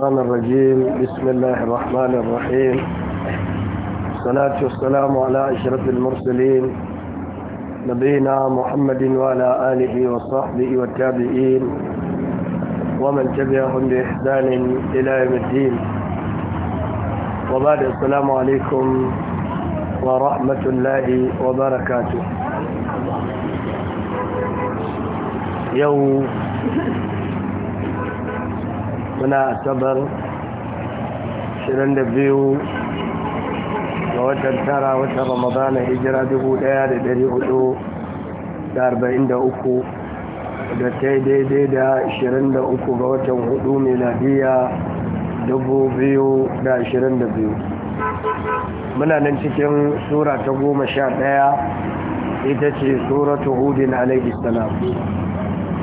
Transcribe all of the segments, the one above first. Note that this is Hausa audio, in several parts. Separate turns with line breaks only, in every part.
الرحمن الرجيم بسم الله الرحمن الرحيم الصلاة والسلام على أشرف المرسلين نبينا محمد وعلى آله وصحبه والتابعين ومن تبعهم بإحسان إلى يوم الدين وبعد السلام عليكم ورحمة الله وبركاته يوم muna asabar 22 ga watan tara watan ramadana hijira 1443 da ta yi daidai da 23 ga watan hudu miladiya 2022 muna nan cikin sura ta goma sha ɗaya ita ce suratu hudin alaihi salam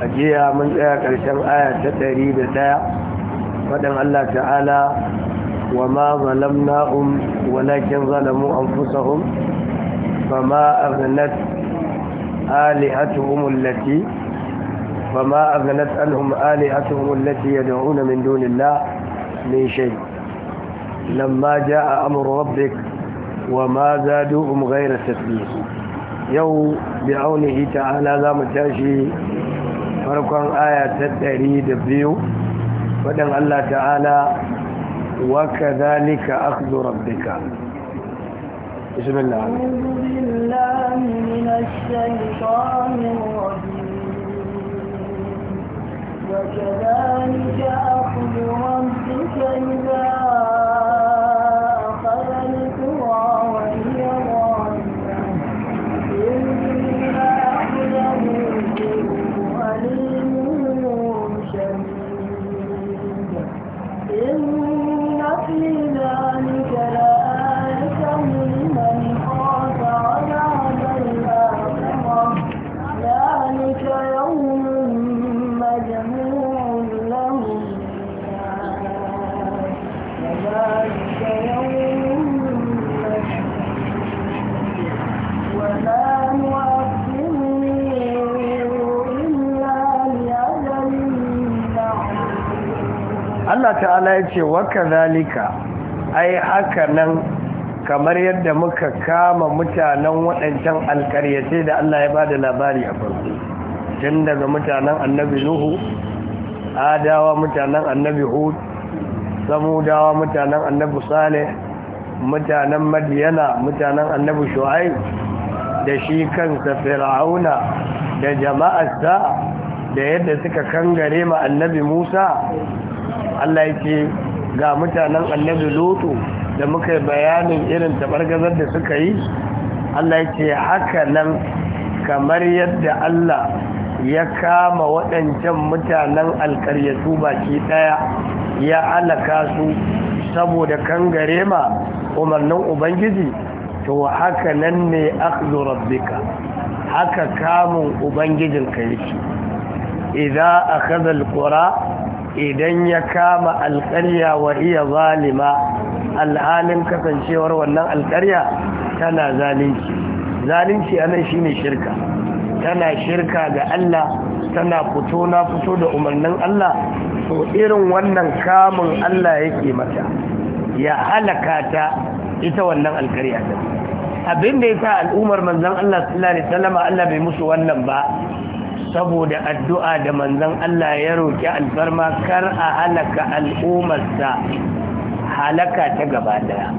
a jiya mun tsaya ƙarshen aya ta ɗari da ɗaya faɗin Allah ta'ala wa ma zalamnahum walakin zalamu anfusahum fama aghnat alihatuhum allati fama aghnat anhum alihatuhum allati yad'una min dunillah min shay lamma jaa amru rabbik وما زادوهم غير تسليم yau bi aunihi ta'ala zamu tashi farkon aya ta ɗari da biyu فدن الله تعالى وكذلك أخذ ربك بسم الله أعوذ
بالله من الشيطان الرجيم وكذلك أخذ ربك
ce waka zalika ai haka nan kamar yadda muka kama mutanen waɗancan alkaryace da Allah ya ba da labari a farko tun daga mutanen annabi nuhu adawa mutanen annabi hud samudawa mutanen annabi saleh mutanen madiyana mutanen annabi shu'aib da shi kansa fir'auna da jama'arsa da yadda suka kangare ma annabi musa Allah ya ga mutanen annabi lutu da muka yi bayanin irin tabargazar da suka yi Allah ya haka nan kamar yadda Allah ya kama waɗancan mutanen alkaryatu baki ɗaya ya alaka su saboda kangare ma umarnin ubangiji to haka nan ne akhdhu rabbika haka kamun ubangijinka yake idza akhadha alqura idan ya kama alƙarya wa iya zalima alhalin kasancewar wannan alƙarya tana zalunci zalunci a nan shine shirka tana shirka ga Allah tana fito na fito da umarnin Allah to irin wannan kamun Allah yake mata ya halaka ta ita wannan alƙarya ta abin da ya sa al'ummar manzon Allah sallallahu alaihi wasallam Allah bai musu wannan ba saboda addu'a da manzon Allah ya roki alfarma kar a halaka al'ummarsa halaka ta gaba daya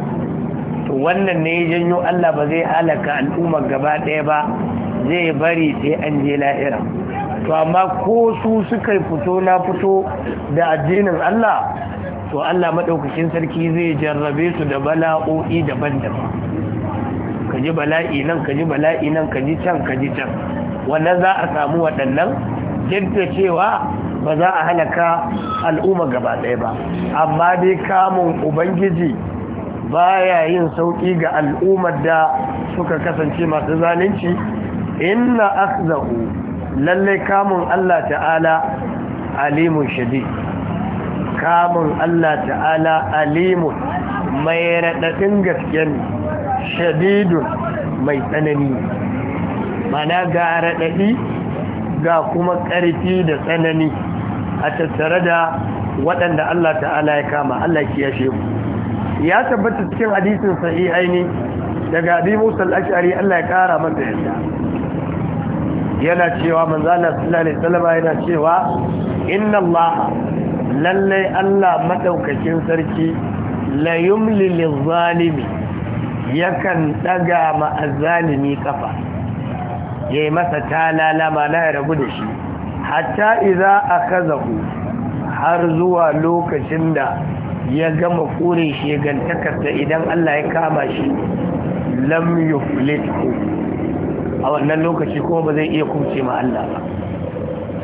to wannan ne ya janyo Allah ba zai halaka al'ummar gaba daya ba zai bari sai an je lahira to amma ko su suka fito na fito da addinin Allah to Allah madaukakin sarki zai jarrabe su da bala'o'i daban-daban kaji bala'i nan kaji bala'i nan kaji can kaji can wannan za a samu waɗannan jirta cewa ba za a halaka al'umma gaba ɗaya ba amma dai kamun ubangiji baya yin sauƙi ga al'ummar da suka kasance masu zalunci inna akhzahu lalle kamun Allah ta'ala alimun shadi kamun Allah ta'ala alimun mai raɗaɗin gaskiya, shadidun mai tsanani mana ga raɗaɗi ga kuma ƙarfi da tsanani a tattare da waɗanda Allah ta'ala ya kama Allah ki ya shebu ya tabbata cikin hadisin sahihaini daga abi musa al-ash'ari Allah ya kara masa yadda yana cewa manzo Allah sallallahu alaihi wasallam yana cewa inna Allah lalle Allah madaukakin sarki la yumli yakan daga ma azalimi kafa ya yi masa talalama na ya rabu da shi hatta iza aka zahu har zuwa lokacin da ya gama kure shi gantakarta idan Allah ya kama shi lam yuflitku a wannan lokaci kuma ba zai iya kumce ma Allah ba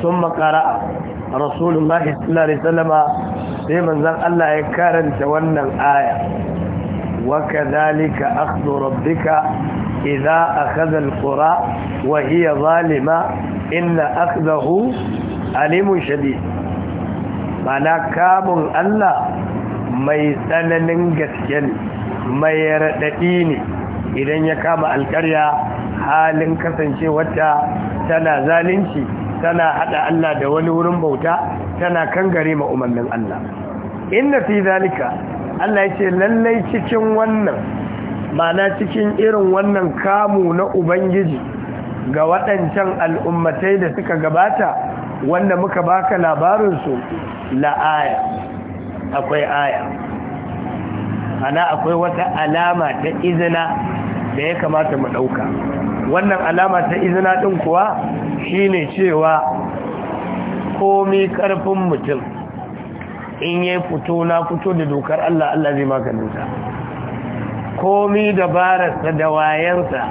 sun makara'a. rasulullahi sallallahu alaihi wasallama sai manzon Allah ya karanta wannan aya wa kadhalika akhdhu rabbika idza akhadha alqura wa hiya zalima inna akhdahu alimun shadid mana kamun Allah mai tsananin gaske ne mai raɗaɗi ne idan ya kama alƙarya halin kasancewarta tana zalunci tana haɗa Allah da wani wurin bauta tana kangare ma umarnin Allah inna fi zalika Allah ya ce lallai cikin wannan ma'ana cikin irin wannan kamu na ubangiji ga waɗancan al'ummatai da suka gabata wanda muka baka labarinsu aya akwai aya ana akwai wata alama ta izina da ya kamata mu ɗauka wannan alama ta izina ɗin kuwa shi ne cewa komi ƙarfin mutum in ya fito na fito da dokar Allah Allah zai maganinsa komi dabararsa da wayansa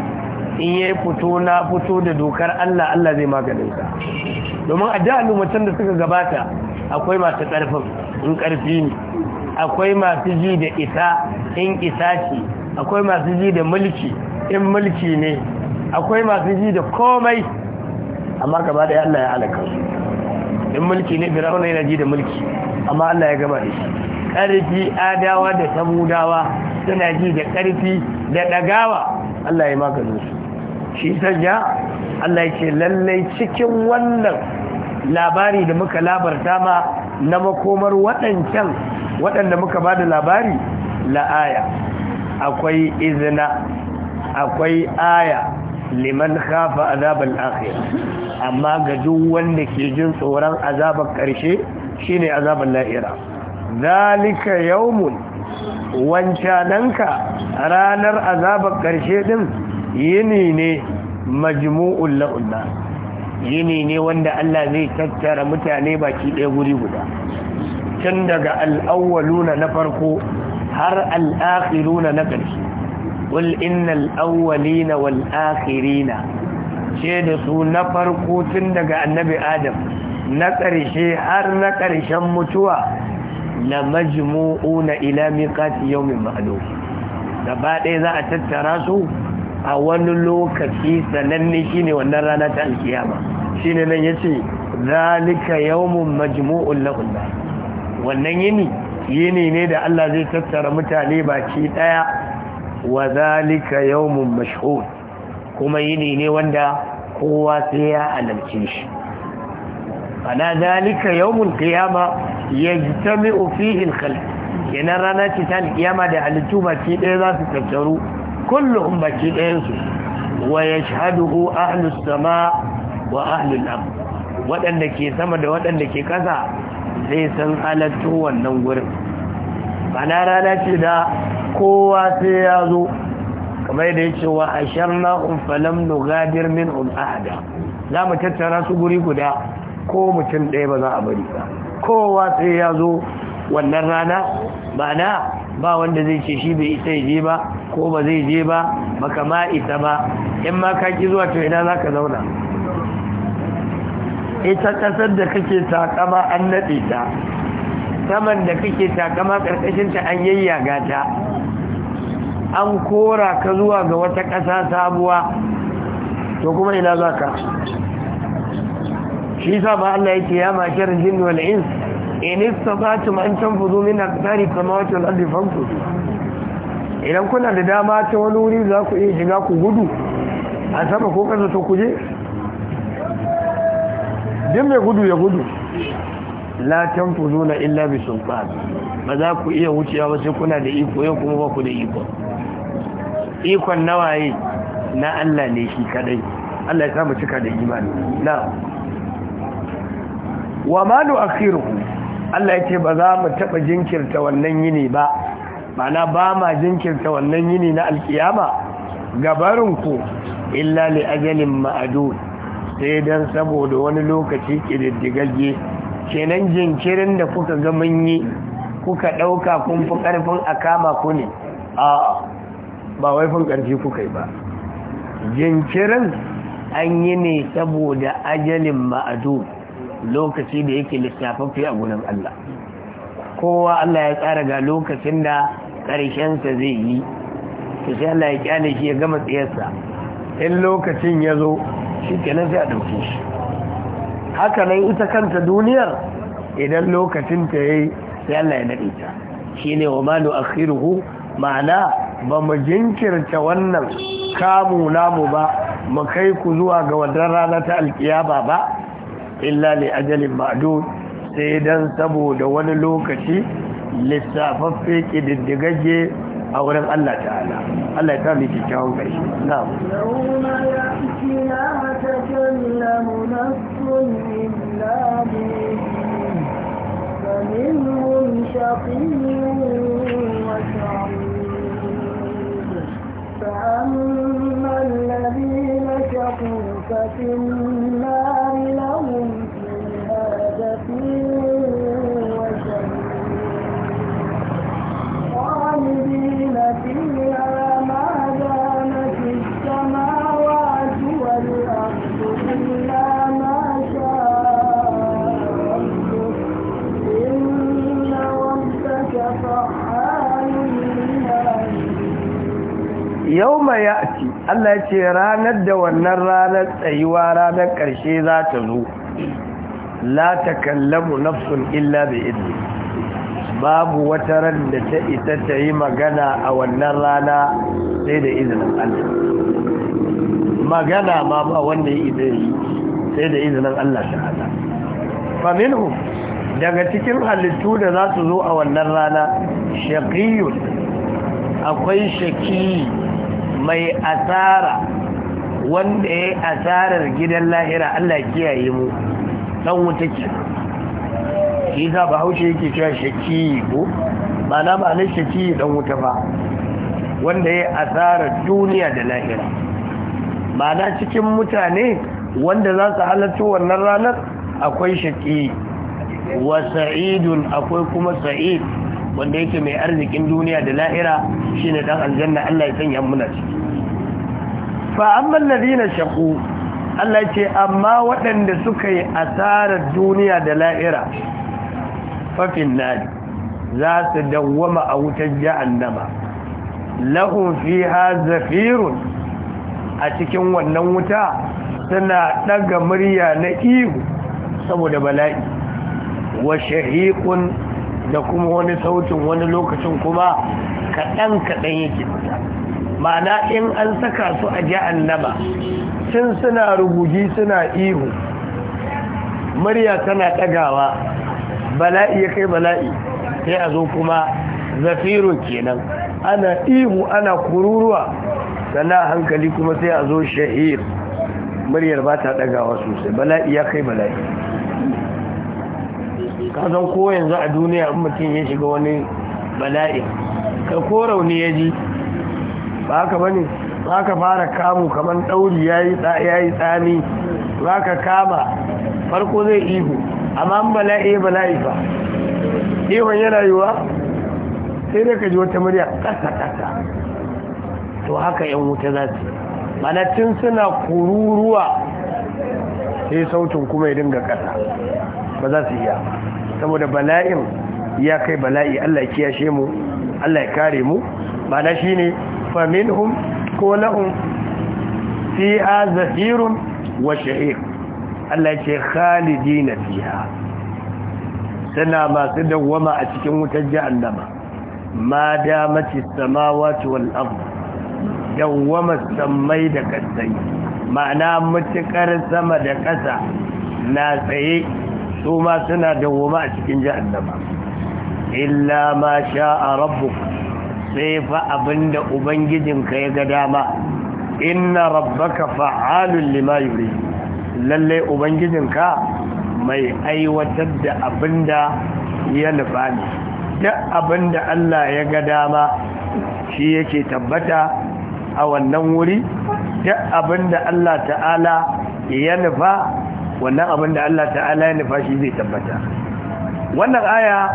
in ya yi fito na fito da dokar Allah Allah zai maganinsa domin a da al'ummatan da suka gabata akwai masu ƙarfin in ƙarfi ne akwai masu ji da isa in isa ce akwai masu ji da mulki in mulki ne akwai masu ji da komai amma gaba da Allah ya halaka in mulki ne firawuna yana ji da mulki amma Allah ya gama da shi ƙarfi adawa da samudawa suna ji da ƙarfi da ɗagawa Allah ya maganin su shi sanya Allah ce lallai cikin wannan labari da muka labarta ma na makomar waɗancan waɗanda muka ba da labari la'aya akwai izina akwai aya liman khafa azabar akhir amma ga duk wanda ke jin tsoron azabar ƙarshe shine azabar la'ira zalika yawmun wancananka ranar azabar ƙarshe ɗin yini ne majmu'ul la'unna yini ne wanda Allah zai tattara mutane baki ɗaya guri guda tun daga al'awwaluna na farko har al'akhiruna na ƙarshe wal innal awwalina wal akhirina ce da su na farko tun daga annabi adam na ƙarshe har na ƙarshen mutuwa na majmu'una ila miqati yawmin ma'lum gaba ɗaya za a tattara su a wani lokaci sananne shine wannan rana ta alkiyama shine nan yace zalika yawmun majmu'un lahum wannan yini yini ne da Allah zai tattara mutane baki daya wa zalika yawmun mashhud kuma yini ne wanda kowa sai ya alalce shi ana zalika yawmul qiyama yajtami'u fihi al-khalq kenan rana ce ta kiyama da halittu baki ɗaya za su tattaru kullum baki ɗayan su wa yashhaduhu ahlu sama wa ahlu al-ard waɗanda ke sama da waɗanda ke ƙasa zai san halattu wannan gurin bana rana ce da kowa sai ya zo kamar da yake wa asharna um falam nugadir minhum ahada za mu tattara su guri guda ko mutum ɗaya ba za a bari ba kowa sai ya zo wannan rana ma'ana ba wanda zai ce shi bai isa je ba ko ba zai je ba baka ma isa ba in ma ka ki zuwa to ina za ka zauna ita ƙasar da kake takama an naɗe ta saman da kake takama ƙarƙashinta an yayyaga ta an kora ka zuwa ga wata ƙasa sabuwa to kuma ina za ka shi ba Allah yake ya makar jin wal ins in ma an tanfudu min aqtari samawati wal ardi fanfudu idan kuna da dama ta wani wuri za ku iya shiga ku gudu a sama ko kasa to kuje? din mai gudu ya gudu la tanfuzuna illa bi sultan ba za ku iya wucewa ba sai kuna da iko yau kuma ba ku da iko ikon nawaye na Allah ne shi kadai Allah ya samu cika da imani na'am wa ma akhiruhu Allah yace ba za mu taba jinkirta wannan yini ba mana ba ma jinkirta wannan yini na alkiyama gabarin ku illa li ajalin ma'dud sai dan saboda wani lokaci kididdigagge kenan jinkirin da kuka ga mun yi kuka dauka kun fi karfin akama ku ne a'a ba wai fin karfi kuka yi ba jinkirin an yi ne saboda ajalin ma'adu lokaci da yake lissafafi a gurin Allah kowa Allah ya tsara ga lokacin da ƙarshensa zai yi to sai Allah ya kyale shi ya gama tsayarsa in lokacin ya zo shi kenan sai a ɗauke shi haka nan ita kanta duniyar idan lokacin ta yayi sai Allah ya daɗe ta shi ne wa Manu a ku? ma'ana ba mu jinkirta wannan kamu namu ba mu kai ku zuwa ga wannan rana ta alkiyaba ba illa li ajalin ma'adun sai dan saboda wani lokaci lissafaffe kididdigagge a wurin Allah ta'ala Allah ya ta miki kyawun ƙarshe
na'am فأما الذين كفروا ففي النار لهم فيها زفير وشهير خالدين فيها
yau mai ya'ati Allah ce ranar da wannan ranar tsayuwa ranar ƙarshe za ta zo la ta kallamu nafsun illa bi idni babu wata ran da ta ita ta yi magana a wannan rana sai da izinin Allah magana ma ba wanda ya izini sai da izinin Allah ta'ala fa minhum daga cikin halittu da za su zo a wannan rana shaqiyun akwai shaqi mai asara wanda ya asarar gidan lahira Allah kiyaye mu dan wuta ke shi za ba haushe yake cewa shaki ko ba na ba na shaki dan wuta ba wanda ya asarar duniya da lahira ba na cikin mutane wanda za su halarci wannan ranar akwai shaki wa sa'idun akwai kuma sa'id wanda yake mai arzikin duniya da lahira shine dan aljanna Allah ya sanya mu na ciki fa amma alladhina shaqu Allah ce amma waɗanda suka yi asarar duniya da lahira fafin Nadi za su dawwama a wutar jahannama lahum fiha zafirun a cikin wannan wuta suna ɗaga murya na ihu saboda bala'i wa shahiqun da kuma wani sautin wani lokacin kuma kaɗan-kaɗan yake fita ma'ana in an saka su a ji annaba tun suna rugugi suna ihu murya tana ɗagawa bala'i ya kai bala'i sai a zo kuma zafiro kenan ana ihu ana kururuwa sannan hankali kuma sai a zo shahir muryar ba ta ɗagawa sosai bala'i ya kai bala'i kazan ko yanzu a duniya in mutum ya shiga wani bala'i kai ko rauni ya ji ba ka bane za ka fara kamu kamar ɗauri ya yi tsami za ka kama farko zai ihu amma bala'i bala'i ba ihun yana yiwa sai da ka ji wata murya ƙasa-ƙasa to haka yan wuta za su manacin suna kururuwa sai sautin kuma ya dinga ƙasa ba za su iya ba saboda bala'in ya kai bala'i Allah ya kiyashe mu Allah ya kare mu mana shine faminhum ko lahum fiha zafirun wa sha'iq Allah ya ce khalidina fiha tana masu dawwama a cikin wutar jahannama ma damatis samawati wal ard dawwama samai da kasai ma'ana mutukar sama da kasa na tsaye su ma suna dawoma a cikin jahannama illa ma sha'a rabbuk sai fa abinda ubangijinka ya ga dama inna rabbaka fa'alun lima yuri lalle ubangijinka mai aiwatar da abinda ya nufa ne duk abinda Allah ya ga dama shi yake tabbata a wannan wuri duk abinda Allah ta'ala ya nufa wannan abin da Allah ta'ala ya nufa fashi zai tabbata wannan aya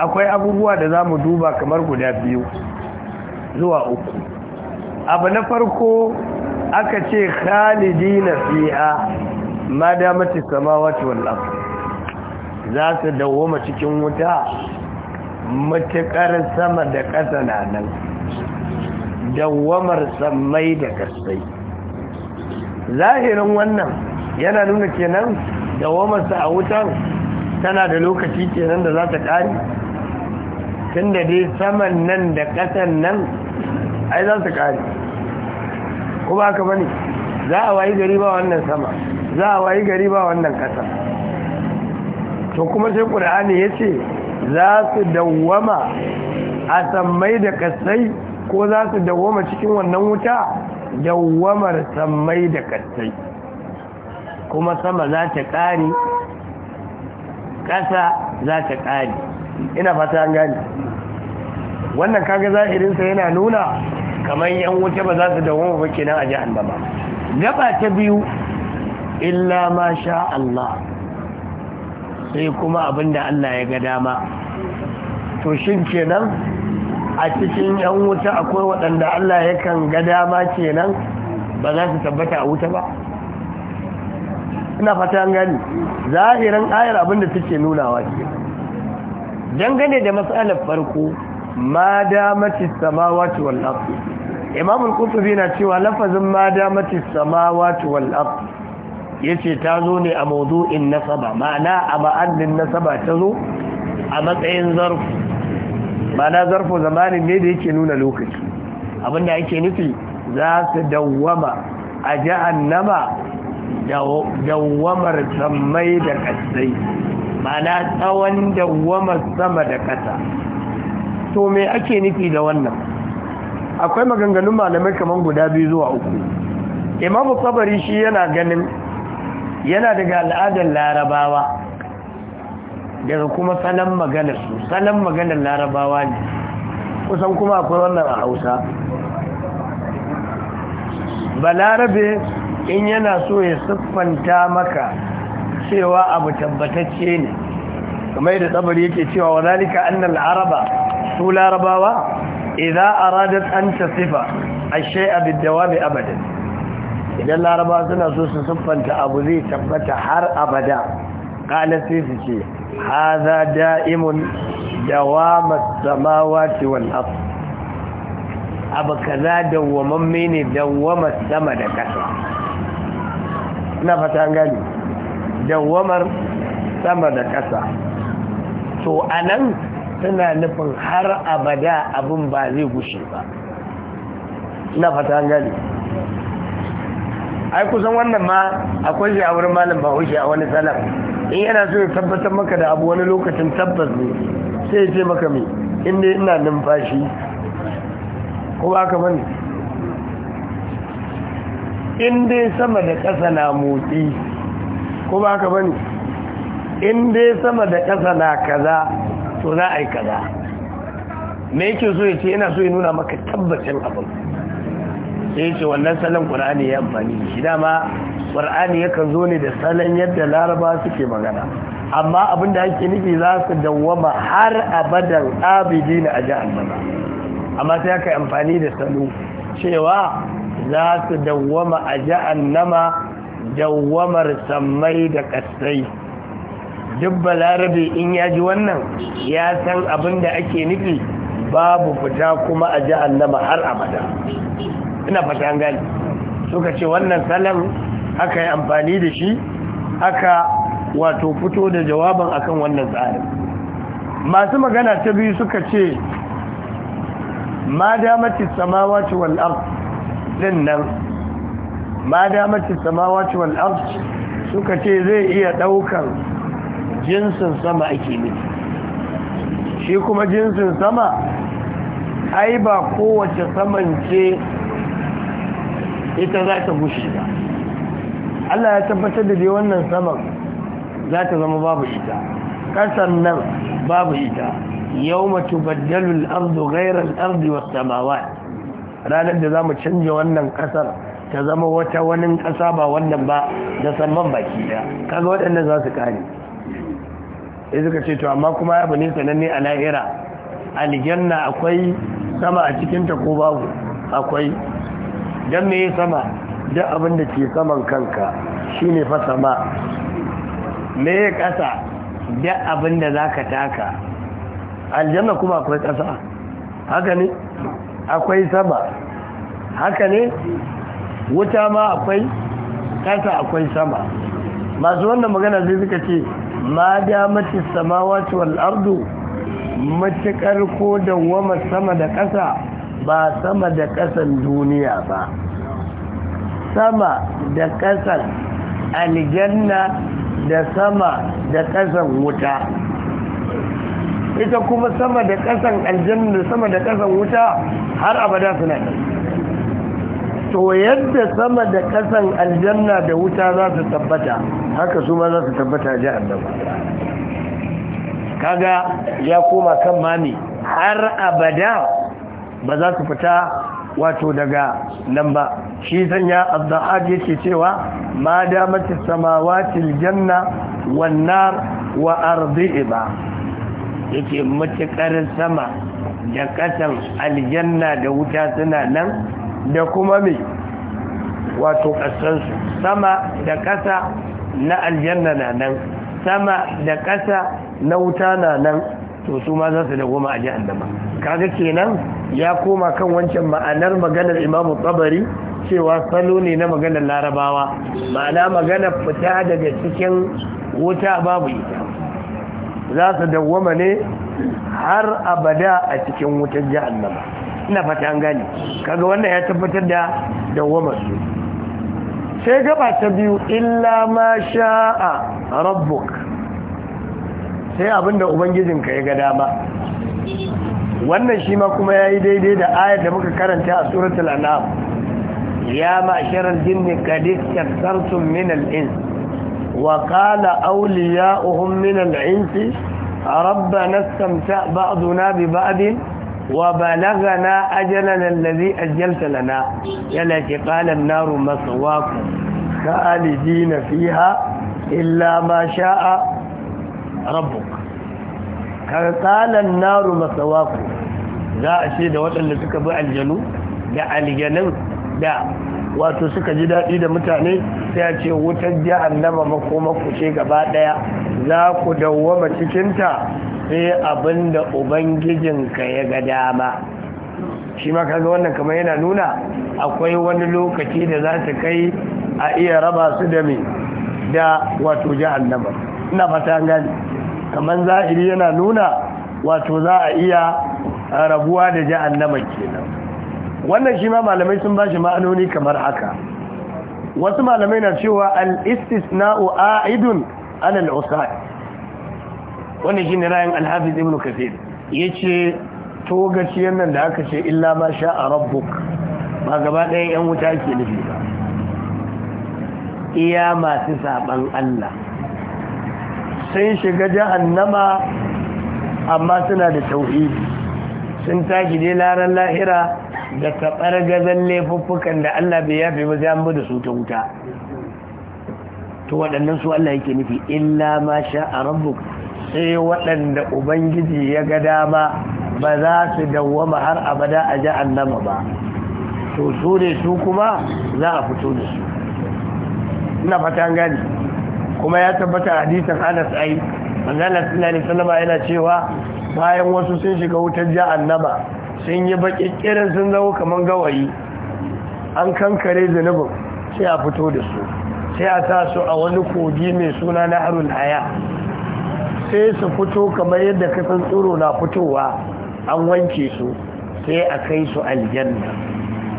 akwai abubuwa da za mu duba kamar guda biyu zuwa uku abu na farko aka ce khalidi na fiya ma damati sama wata ardh za su dawoma cikin wuta matuƙar sama da ƙasa na nan dawamar samai da ƙasai zahirin wannan yana nuna kenan dawamarsa a wutan tana da lokaci kenan da za ta ƙari tun da dai saman nan da ƙasan nan ai za su ƙari kuma haka ba ne za a wayi gari ba wannan sama za a wayi gari ba wannan ƙasa to kuma sai ƙur'ani ya ce za su dawama a sammai da ƙasai ko za su dawama cikin wannan wuta dawamar sammai da ƙasai kuma sama za ta ƙari ƙasa za ta ƙari ina fata an gani wannan kaga zahirinsa yana nuna kamar yan wuce ba za su dawo ba kenan a jahannama gaba ta biyu illa ma sha Allah sai kuma abinda Allah ya ga dama to shin kenan a cikin yan wuta akwai waɗanda Allah yakan ga dama kenan ba za su tabbata a wuta ba ina fata an gani zahirin ayar abinda take nunawa ke dangane da matsalar farko ma damatis samawati wal ardh imam al-qurtubi na cewa lafazin ma damatis samawati wal ardh yace ta zo ne a mawdu'in nasaba ma'ana a ma'annin nasaba ta zo a matsayin zarfu ma'ana zarfu zamanin ne da yake nuna lokaci abinda yake nufi za su dawwama a jahannama dawwamar sammai da ƙasai mana tsawon dawwamar sama da kasa to me ake nufi da wannan akwai maganganun malamai kamar guda biyu zuwa uku imamu tsabari shi yana ganin yana daga al'adar larabawa daga kuma salon maganar su salon maganar larabawa ne kusan kuma akwai wannan a hausa balarabe in yana so ya siffanta maka cewa abu tabbatacce ne kamar da tsabari yake cewa wa zalika annal araba su larabawa idza aradat an tasifa abadan idan larabawa suna so su siffanta abu zai tabbata har abada qala sai su ce hadha da'imun dawam as-samawati wal-ard abu kaza dawwamamme ne dawwama sama da kasa na fata an gani dawamar sama da ƙasa to a nan tana nufin har abada abin ba zai gushe ba na fata an gani ai kusan wannan ma akwai shi a wurin ba bahaushe a wani salam in yana so ya tabbatar maka da abu wani lokacin tabbas ne sai ya ce maka mai inda ina numfashi ko ba ka mani in dai sama da ƙasa na motsi ko ba ka bane in dai sama da ƙasa na kaza to za a yi kaza me yake so ya ce yana so ya nuna maka tabbacin abin sai ce wannan salon ƙur'ani ya amfani shi dama ƙur'ani yakan zo ne da salon yadda laraba suke magana amma abin da ake nufi za su dawwama har abadan abidi na aji amma sai aka amfani da salo cewa za su dawwama a nama dawwamar sammai da ƙasai duk balarabe in ya ji wannan ya san abin da ake nufi babu fita kuma a nama har abada ina fata gani suka ce wannan salon aka yi amfani da shi aka wato fito da jawaban akan wannan tsarin masu magana ta biyu suka ce ma damatis samawa ci wal'ar din nan ma damacin samawacin wal'arci suka ce zai iya ɗaukar jinsin sama ake nufi shi kuma jinsin sama ai ba kowace saman ce ita za ta gushi ba Allah ya tabbatar da dai wannan saman za ta zama babu ita Kasan nan babu ita yau matu baddalul ardu gairar ardi wasu ranar da za mu canje wannan ƙasar ta zama wata wani kasa ba wannan ba da samman baki ɗaya kaga waɗannan za su ƙare ya suka ce to amma kuma abu ne sananne a lahira aljanna akwai sama a cikinta ko babu akwai don me sama don abin da ke saman kanka Shi ne fa sama me ya ƙasa don abin da za ka taka aljanna kuma akwai ƙasa haka ne akwai sama haka ne wuta ma akwai kasa akwai sama masu wannan magana zai suka ce ma mace sama wal ardu matuƙar ko da wama sama da ƙasa ba sama da ƙasan duniya ba sama da ƙasan aljanna da sama da ƙasan wuta ita kuma sama da ƙasan aljanna sama da ƙasan wuta har abada suna nan to yadda sama da ƙasan aljanna da wuta za su tabbata haka su ma za su tabbata a jahannama kaga ya koma kan mami har abada ba za su fita wato daga nan ba shi sanya abdu'ad yake cewa ma damatis samawati aljanna wan nar wa ba. yake matuƙar sama da kasan aljanna da wuta suna nan da kuma mai wato kasansu sama da ƙasa na aljanna na nan sama da ƙasa na wuta na nan to su ma za su da goma a dama kaga kenan ya koma kan wancan ma'anar maganar imamu tsabari cewa salo ne na maganar larabawa ma'ana maganar fita daga cikin wuta babu ita za su dawwama ne har abada a cikin wutar jihannama ina fata an gani kaga wannan ya tabbatar da dawwama su sai gaba ta biyu illa ma sha'a rabbuk sai abinda ubangijinka ya ga dama wannan shi ma kuma ya yi daidai da ayar da muka karanta a suratul an'am ya ma'sharal jinni qad istakthartum min al-ins وقال أولياؤهم من العنس ربنا استمتع بعضنا ببعض وبلغنا أجلنا الذي أجلت لنا يلك قال النار مسواكم خالدين فيها إلا ما شاء ربك قال النار مسواكم za a ce da waɗanda suka bi aljanu da aljanin da wato suka ji daɗi da mutane sai a ce wutar jahannama makoma ku ce gaba ɗaya za ku dawwama cikinta sai abinda Ubangijin ka ya ga dama shi ma kaga wannan kamar yana nuna akwai wani lokaci da za su kai a iya raba su da me da wato annaba ina fata gani kamar za'iri yana nuna wato za a iya rabuwa da annaba kenan wannan shi ma malamai sun shi ma'anoni kamar haka wasu malamai na cewa al-istisna'u a'idun ala al-usad wannan shine rayin al-hafiz ibn kafir yace to nan da aka ce illa ma sha a rabbuk ba gaba ɗayan yan wuta ke nufi ba iya masu saban Allah sun shiga jahannama amma suna da tauhidi sun tashi dai laran lahira da kaɓar gazan laifuffukan da Allah bai yafe ba sai an bada su ta wuta to waɗannan su Allah yake nufi illa ma sha a rabbuk sai waɗanda ubangiji ya ga dama ba za su dawwama har abada a ji jahannama ba to su ne su kuma za a fito da su ina fatan gani kuma ya tabbata hadisin Anas ai manzala sallallahu alaihi wasallam yana cewa bayan wasu sun shiga wutar jahannama sun yi baƙi sun zama kamar gawayi an kankare zunubin sai a fito da su sai a sa su a wani kogi mai suna na harun haya sai su fito kamar yadda kasan tsoro na fitowa an wanke su sai a kai su aljanna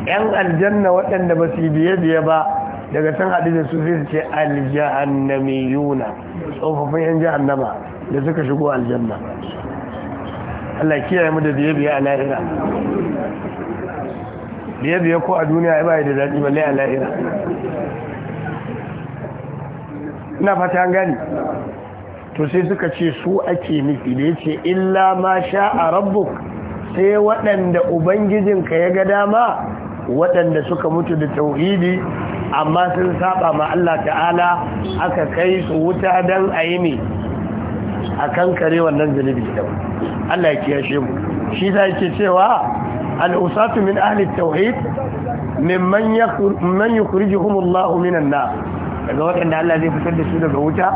yan aljanna waɗanda ba su biye-biye ba daga san haɗu da su sai su ce yuna tsofaffin yan jahannama da suka shigo aljanna Allah kiyaye mu da biye biye a la'ira biye biye ko a duniya ba da zaɗi balle a la'ira ina fata gani to sai suka ce su ake nufi da ce illa ma sha a rabbuk sai waɗanda ubangijinka ya ga dama waɗanda suka mutu da tauhidi amma sun saba ma Allah ta'ala aka kai su wuta don a yi ne a kankare wannan zunubi da Allah ya kiyashe mu shi da yake cewa al-usatu min ahli tauhid mimman man yukhrijuhum Allah minan na? daga waɗanda Allah zai fitar da su daga wuta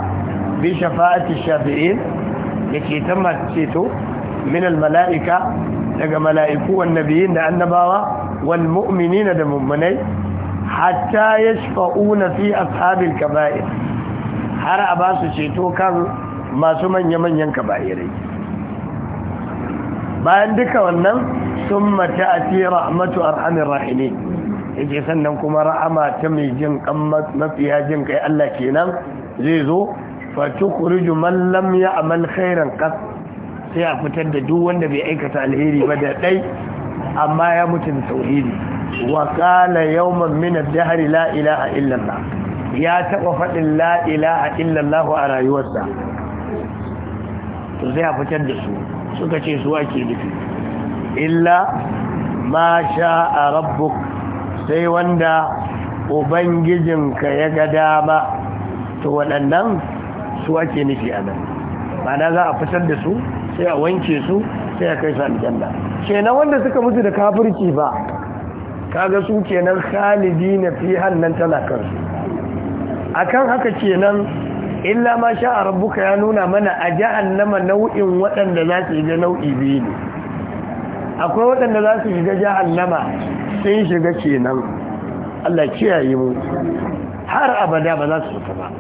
bi shafa'ati shafi'in ta masu ceto min malaika daga mala'iku wan nabiyyin da annabawa wal mu'minina da mu'minai hatta yashfa'una fi ashabil kaba'ir har a ba su ceto kan masu manya-manyan kaba'irai bayan duka wannan sun mati a ce rahmatu arhamin rahimi yake sannan kuma rahama ta mai jin kan mafiya jin kai Allah kenan zai zo fatu kuriju mallam ya amal khairan kas sai a fitar da duk wanda bai aikata alheri ba da ɗai amma ya mutum tauhidi wa qala yawman min ad-dahr la ilaha illa Allah ya taɓa faɗin la ilaha illallah a rayuwarsa to sai a fitar da su suka ce su ake nufi illa ma sha a rabbuk sai wanda ubangijinka ya ga dama to waɗannan su ake nufi a nan mana za a fitar da su sai a wanke su sai a kai su aljanna kenan wanda suka mutu da kafirci ba Ka ga su kenan khalidi na fi hannan talakarsu. A kan haka kenan illa ma sha rabbuka ya nuna mana a jahannama nau'in waɗanda za su shiga nau'i biyu ne akwai waɗanda za su shiga jahannama sun shiga kenan Allah kiyaye mu har abada ba za su fita ba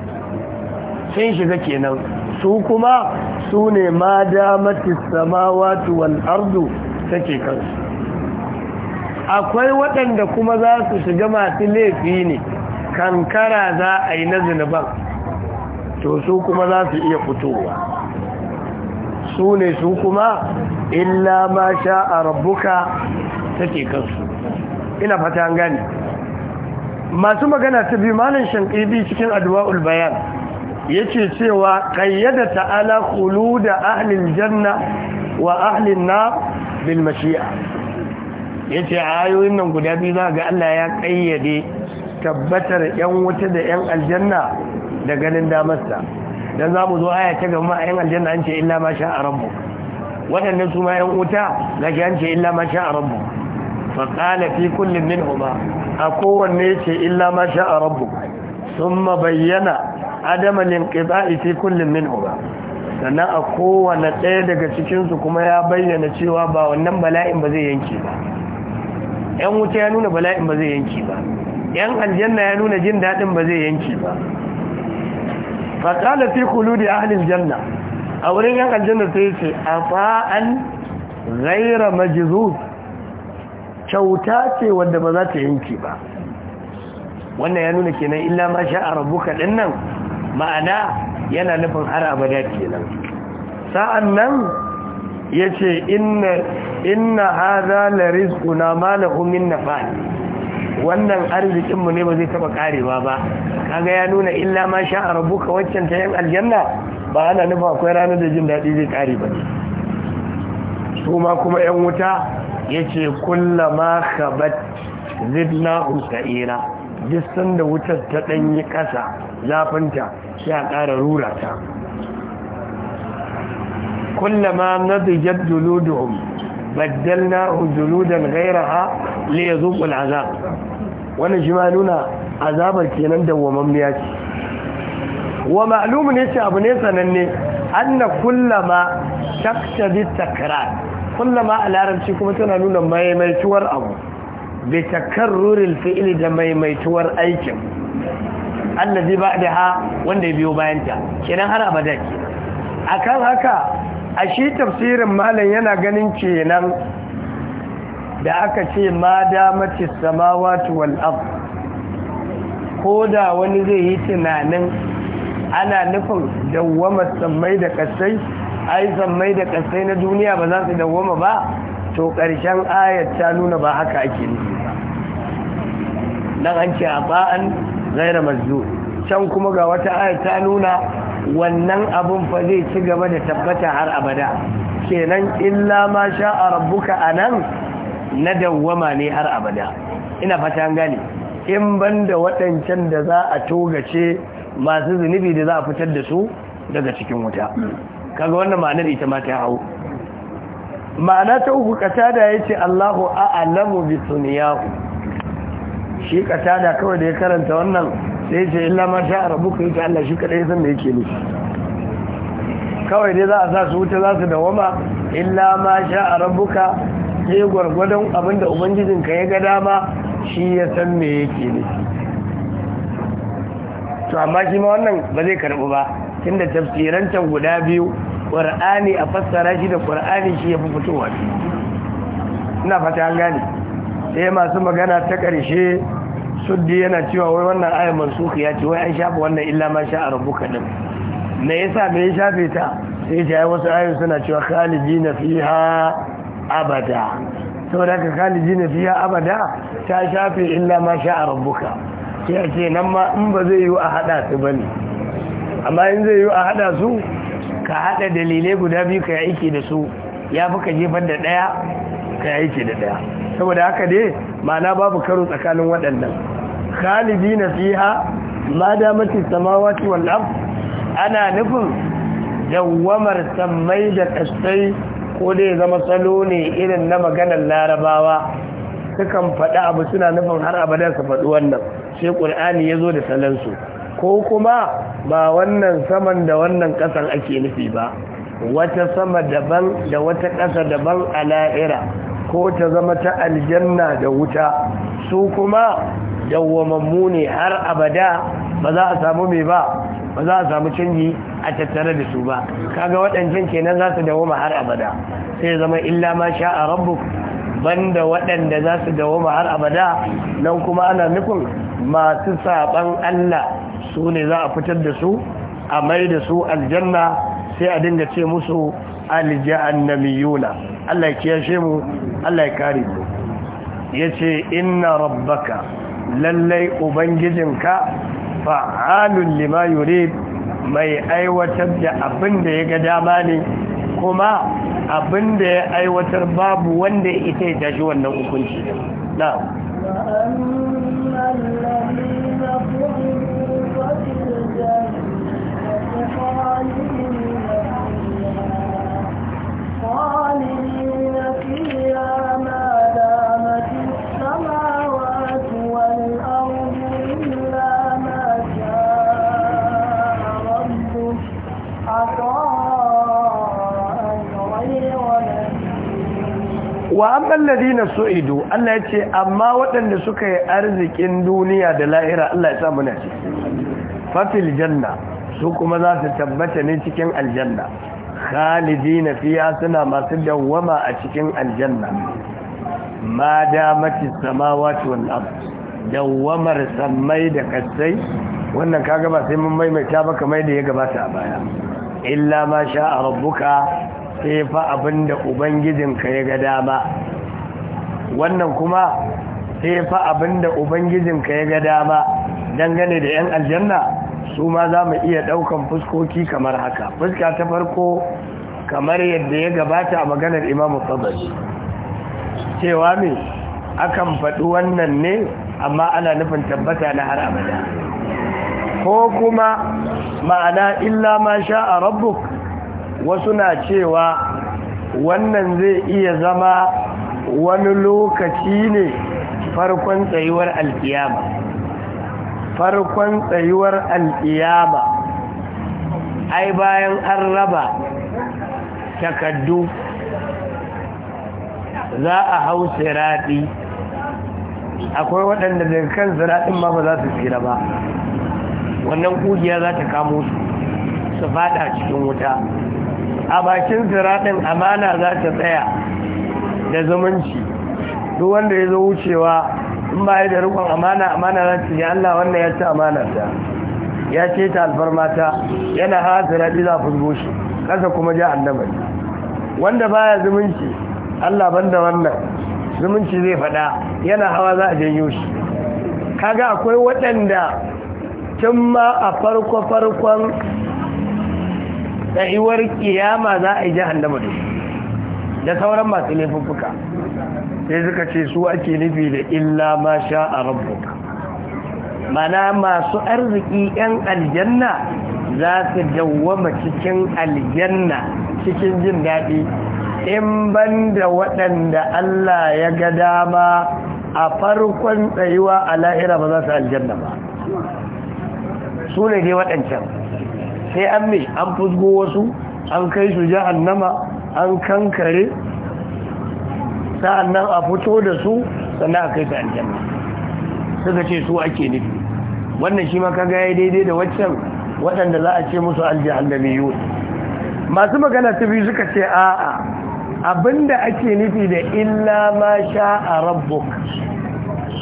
sun shiga kenan su kuma su ne ma damati samawa wal ardu take kansu akwai waɗanda kuma za su shiga masu laifi ne kankara za a yi na zunuban to su kuma za su iya fitowa su ne su kuma illa ma sha a ta take kansu ina fata gani masu magana ta biyu malin shankibi cikin ulbayan bayan ce cewa kayyada ta'ala kulu da ahlin janna wa ahlin na bil ce a ayoyin nan guda biyu za ga Allah ya kayyade tabbatar yan wuta da yan aljanna da ganin damarsa dan za mu zo aya ta gama a yan aljanna an ce illa ma sha a rabbu waɗannan su ma yan wuta za ki an ce illa ma sha a rabbu fa qala fi kullin minhuma a kowanne ce illa ma sha a Sun thumma bayyana adama linqita'i fi kullum min minhuma sannan a kowane ɗaya daga cikinsu kuma ya bayyana cewa ba wannan bala'in ba zai yanki ba ‘yan wuta ya nuna bala'in ba zai yanki ba ‘yan aljanna ya nuna jin daɗin ba zai yanki ba fa qala fi khuludi ahli aljanna a wurin yan aljanna sai yace afa'an Zaira majzuz kyauta ce wanda ba za ta yanke ba wannan ya nuna kenan illa ma sha'a rabbuka nan ma'ana yana nufin har abada kenan sa'an nan yace inna inna hadha la rizquna ma na min wannan arzikinmu ne ba zai taba karewa ba kaga ya nuna illa ma sha rabbuka waccan ta yin aljanna ba ana nufa akwai ranar da jin daɗi zai kare ba su ma kuma yan wuta yace kullama khabat zidna usaira duk sanda wutar ta danyi ƙasa zafinta sai a ƙara rura ta kullama nadijat juluduhum baddalnahu juludan ghayraha li yazuqu al'azab wannan shi ma nuna azabar kenan dawwamammiya ce wa ma'lumun yace abu ne sananne anna kullama taktabi takrar kullama a larabci kuma tana nuna maimaituwar abu bi takarruril fi'li da maimaituwar aikin allazi ba'daha wanda ya biyo bayanta kenan har abada ke akan haka a shi tafsirin malam yana ganin kenan da aka ce ma damatis samawati wal ard ko da wani zai yi tunanin ana nufin dawwama sammai da kasai ai sammai da kasai na duniya ba za su dawwama ba to ƙarshen ayat ta nuna ba haka ake nufi ba nan an ce a ba'an zaira mazdu can kuma ga wata ayat ta nuna wannan abun fa zai ci gaba da tabbata har abada kenan illa ma sha rabbuka anan na dawwama ne har abada ina fata an gane in banda waɗancan da za a togace masu zunubi da za a fitar da su daga cikin wuta kaga wannan ma'anar ita ma ta hau ma'ana ta uku katada yace Allahu a'lamu bi sunyahu shi katada kawai da ya karanta wannan sai ce illa ma sha rabu ka yi ta Allah shi kadai san me yake nufi kawai dai za a sa su wuta za su dawama illa ma sha rabbuka sai gwargwadon abinda ubangijinka ya ga dama shi ya san me yake nufi to amma shi ma wannan ba zai karbu ba tun da can guda biyu qur'ani a fassara shi da qur'ani shi ya fi fitowa ina fata an gane sai masu magana ta ƙarshe suddi yana cewa wai wannan ayar mansukh ya ce wai an shafa wannan illa ma sha rabu din me yasa me ya shafe ta sai ya wasu ayoyi suna cewa fi fiha abada saboda ka fi fiha abada ta shafe illa ma sha rabbuka sai ce nan ma in ba zai yi a hada su ba ne amma in zai yi a hada su ka hada dalilai guda biyu ka yi aiki da su ya fi ka jefar da daya ka yi aiki da daya saboda haka dai ma'ana babu karo tsakanin waɗannan khalidina fiha ma damati samawati wal ard ana nufin dawwamar sammai da kasai ko dai zama salo ne irin na maganar larabawa sukan faɗi abu suna nufin har abada su faɗi wannan sai ƙur'ani ya zo da salansu ko kuma ba wannan saman da wannan ƙasar ake nufi ba wata sama daban da wata ƙasa daban a la'ira ko ta zama ta aljanna da wuta su kuma dawwamammu ne har abada ba za a samu mai ba ba za a samu canji a tattare da su ba kaga waɗancan kenan za su dawoma har abada sai zama illa ma sha a rabbuk banda waɗanda za su dawoma har abada nan kuma ana nufin masu saɓan Allah su ne za a fitar da su a mai da su aljanna sai a dinga ce musu aljannamiyuna Allah ya kiyashe mu Allah ya kare mu yace inna rabbaka lallai ubangijinka fa'alun lima yurid mai aiwatar da abin da ya ga dama ne kuma abin da ya aiwatar babu wanda ita ya tashi wannan hukunci na
خالدين فيها
wa amman ladina su'idu Allah yace amma waɗanda suka yi arzikin duniya da la'ira Allah ya sa na ci fatil janna su kuma za su tabbata ne cikin aljanna khalidina fiha suna masu dawwama a cikin aljanna ma mace samawati wal ard dawwamar samai da kasai wannan kaga ba sai mun maimaita ba kamar da ya gabata a baya illa ma sha'a rabbuka sai fa abin da ubangijinka ya ga dama wannan kuma sai fa abin da ubangijinka ya ga dama dangane da 'yan aljanna su ma za mu iya ɗaukan fuskoki kamar haka fuska ta farko kamar yadda ya gabata a maganar imamu sabari cewa ne akan faɗi wannan ne amma ana nufin tabbata na har abada ko kuma ma'ana illa ma sha a rabbuk wasu na cewa wannan zai iya zama wani lokaci ne farkon tsayuwar alkiyama farkon tsayuwar alkiyama ai bayan an raba takaddu za a hau siraɗi akwai waɗanda daga kan siraɗin ma ba za su tsira ba wannan ƙugiya za ta kamo su faɗa cikin wuta a bakin siraɗin amana za ta tsaya da zumunci duk wanda ya zo wucewa in ba da rukun amana amana za ta yi Allah wannan ya ci amana ta. ya ce ta alfarmata yana hasira za fuzgo shi kasa kuma ja annaba wanda baya zumunci Allah banda wannan zumunci zai fada yana hawa za a janyo shi kaga akwai waɗanda tun ma a farko-farkon tsayuwar kiyama za a yi jahannama da da sauran masu laifuffuka sai suka ce su ake nufi da illa ma sha a rabbuka mana masu arziki 'yan aljanna za su dawwama cikin aljanna cikin jin daɗi in ban da waɗanda Allah ya ga dama a farkon tsayuwa a la'ira ba za su aljanna ba su ne dai waɗancan sai an mai an fusgo wasu an kai su ji annama an kankare sa'annan a fito da su sannan a kai su aljanna suka ce su ake nufi wannan shi ma kaga ya daidai da waccan waɗanda za a ce musu aljahannamiyu masu magana ta biyu suka ce a'a abinda ake nufi da illa ma sha a rabbuk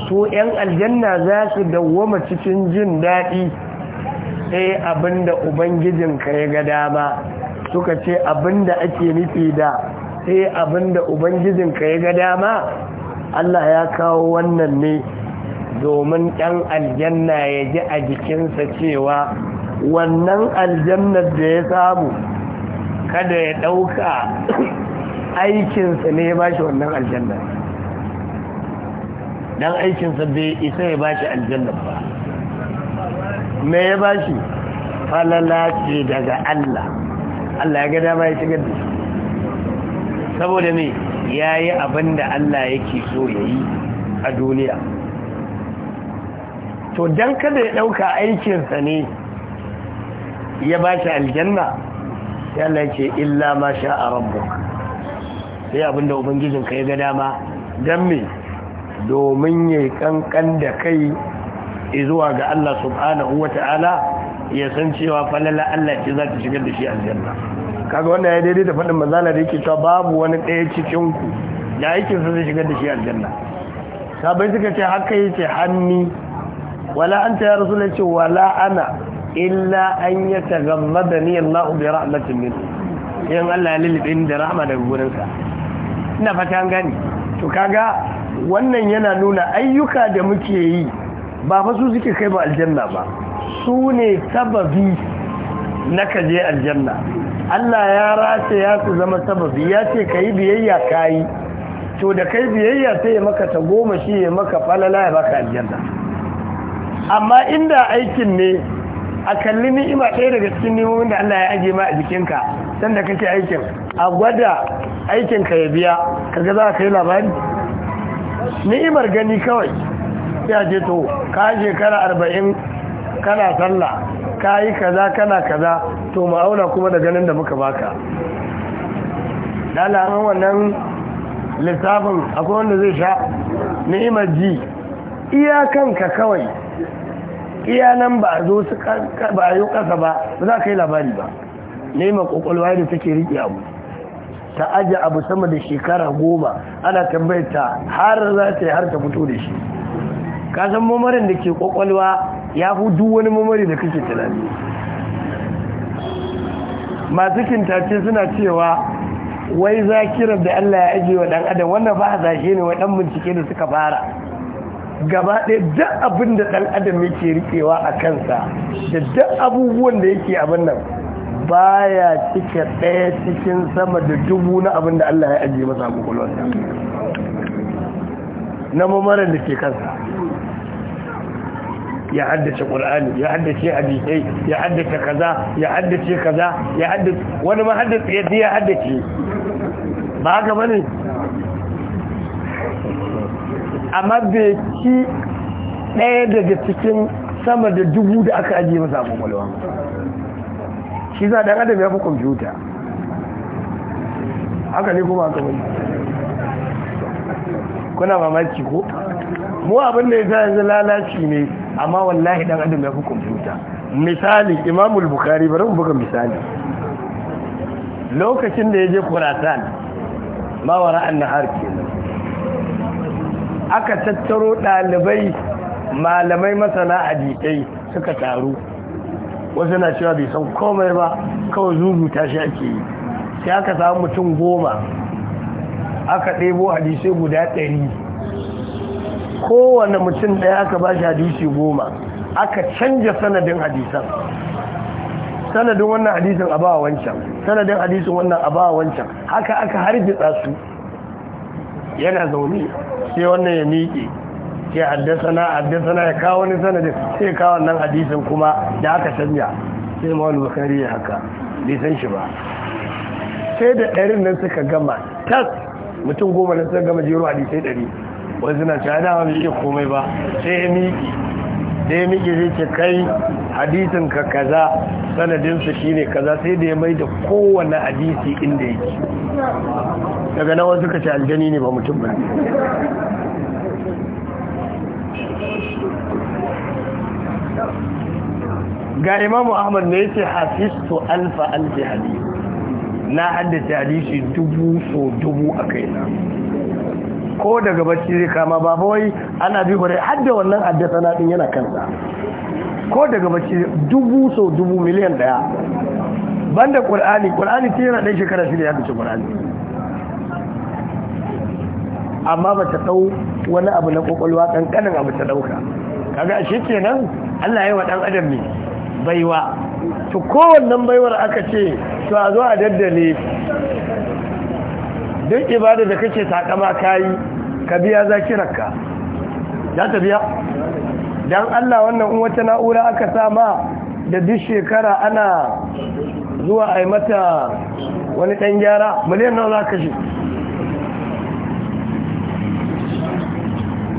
su 'yan aljanna za su dawwama cikin jin daɗi sai abinda ubangijinka ya ga dama suka ce abinda ake nufi da sai abinda ubangijinka ya ga dama Allah ya kawo wannan ne domin ɗan aljanna ya ji a jikinsa cewa wannan aljannar da ya samu kada ya ɗauka aikinsa ne ya ba wannan aljannar don aikinsa bai isa ya bashi shi aljannar ba me ya bashi falala ce daga Allah Allah ya ga dama ya ci da saboda me ya yi abin da Allah yake so ya yi a duniya to don kada ya ɗauka aikinsa ne ya ba shi aljanna ya lalace illa ma sha a rabu sai abinda ubangijinka ya ga dama don me domin ya yi kankan da kai zuwa ga Allah subhanahu wata'ala ya san cewa falala Allah ce za ta shigar da shi aljanna kaga wannan ya daidai da faɗin manzala da yake ta babu wani ɗaya cikin ku da yake sa zai shigar da shi aljanna sabai suka ce haka yake hanni wala ta ya suna ce wala ana illa an yataghammadani Allah bi rahmatin minhu yan Allah ya lilibin da rahma daga gurin sa ina fata gani to kaga wannan yana nuna ayyuka da muke yi ba fa su suke kai ba aljanna ba su ne sababi na kaje aljanna Allah ya race ya su zama sababi ya ce ka yi biyayya ka yi to da kai biyayya sai ya maka ta goma shi ya maka falala ya baka aljanna amma inda aikin ne a kalli ni'ima ɗaya daga cikin ni'imomin da Allah ya aje ma a jikinka san da kake aikin a gwada aikin ka ya biya kaga za ka yi labari ni'imar gani kawai lafiya ce to ka shekara arba'in kana sallah ka yi kaza kana kaza to ma'auna kuma da ganin da muka baka dalaman wannan lissafin akwai wanda zai sha ni'imar ji iyakanka kawai iya nan ba a zo su ba a yi kasa ba za ka yi labari ba neman kwakwalwa da take riƙe abu ta aje abu sama da shekara goma ana tambayar ta har za ta yi har ta fito da shi Kasan mamarin da ke kwakwalwa ya fi duk wani mamari da kake tunani masu kintace suna cewa wai zakirar da Allah ya ajiye wa ɗan adam wannan ba a zashe ne ɗan bincike da suka fara gaba ɗaya duk abin da ɗan adam yake riƙewa a kansa da duk abubuwan da yake abin nan baya cike ɗaya cikin sama da dubu na abin da Allah ya ajiye masa a kwakwalwarsa na mamarin da ke kansa ya haddace qur'ani ya haddace hadisai ya haddace kaza ya haddace kaza ya haddace wani ma haddace yadda ya haddace ba haka bane amma bai ci ɗaya daga cikin sama da dubu da aka ajiye masa abin kwalwa shi za ɗan adam ya fi kwamfuta haka ne kuma a wani kuna mamaki ko mu abin da ya sa yanzu lalaci ne amma wallahi dan adam ya fi kwamfuta misali imamul bukari bari mu buga misali lokacin da ya je kuratan ma wara an nahar kenan aka tattaro ɗalibai malamai masana adidai suka taru wasu na cewa bai san komai ba kawai zuzuta shi ake yi sai aka samu mutum goma aka ɗebo hadisai guda ɗari kowane mutum ɗaya aka ba shi hadisi goma aka canja sanadin hadisan sanadin wannan hadisin a ba wancan sanadin hadisin wannan a ba wancan haka aka harjitsa su yana zaune sai wannan ya miƙe sai haddasana haddasana ya kawo wani sanadin sai kawo wannan hadisin kuma da aka canja sai wani bakari ya haka bai san shi ba sai da ɗarin nan suka gama tas mutum goma nan suka gama jero hadisai ɗari wasu na cewa dama bai iya komai ba sai ya miki sai ya miki zai ce kai hadisin ka kaza sanadinsa shine kaza sai da ya mai da kowane hadisi inda yake daga nawa wasu ce aljani ne ba mutum ba ga imamu ahmad ne yace hafistu alfa alfi hadisi na haddace hadisi dubu so dubu a na. ko daga bacci zai kama ba wai ana bi kwarai Hadda wannan wannan addasana din yana kansa ko daga bacci dubu so dubu miliyan daya banda qur'ani qur'ani ce yana ɗan shekara shi da ya fice qur'ani amma ba ta dau wani abu na kokolwa ƙanƙanin abu ta ɗauka. kaga ashe kenan Allah ya yi wa ɗan adam ne baiwa to kowannan baiwar aka ce to a zo a daddale duk ibada da kake takama kayi ka biya zakirarka za ta biya don allah wannan wata na'ura aka sama da duk shekara ana zuwa a yi mata wani ɗan gyara miliyan nawa za ka shi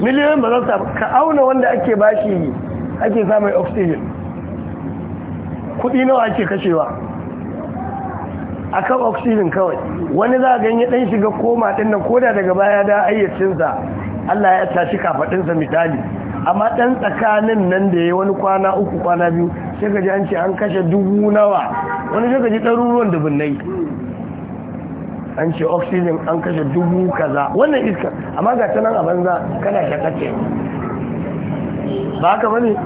miliyan ba za ta ka auna wanda ake bashi ake samun oxygen kudi nawa ake kashewa akan oxygen kawai wani za a ganye dan shiga koma din nan koda daga baya da sa Allah ya tashi sa misali amma dan tsakanin nan da yayi wani kwana uku kwana biyu sai ka ji an ce an kashe dubu nawa wani sai ka ji ɗaruruwan dubunnai an ce oxygen an kashe dubu kaza wannan iska amma ga ta nan a banza kana shakace ba haka bane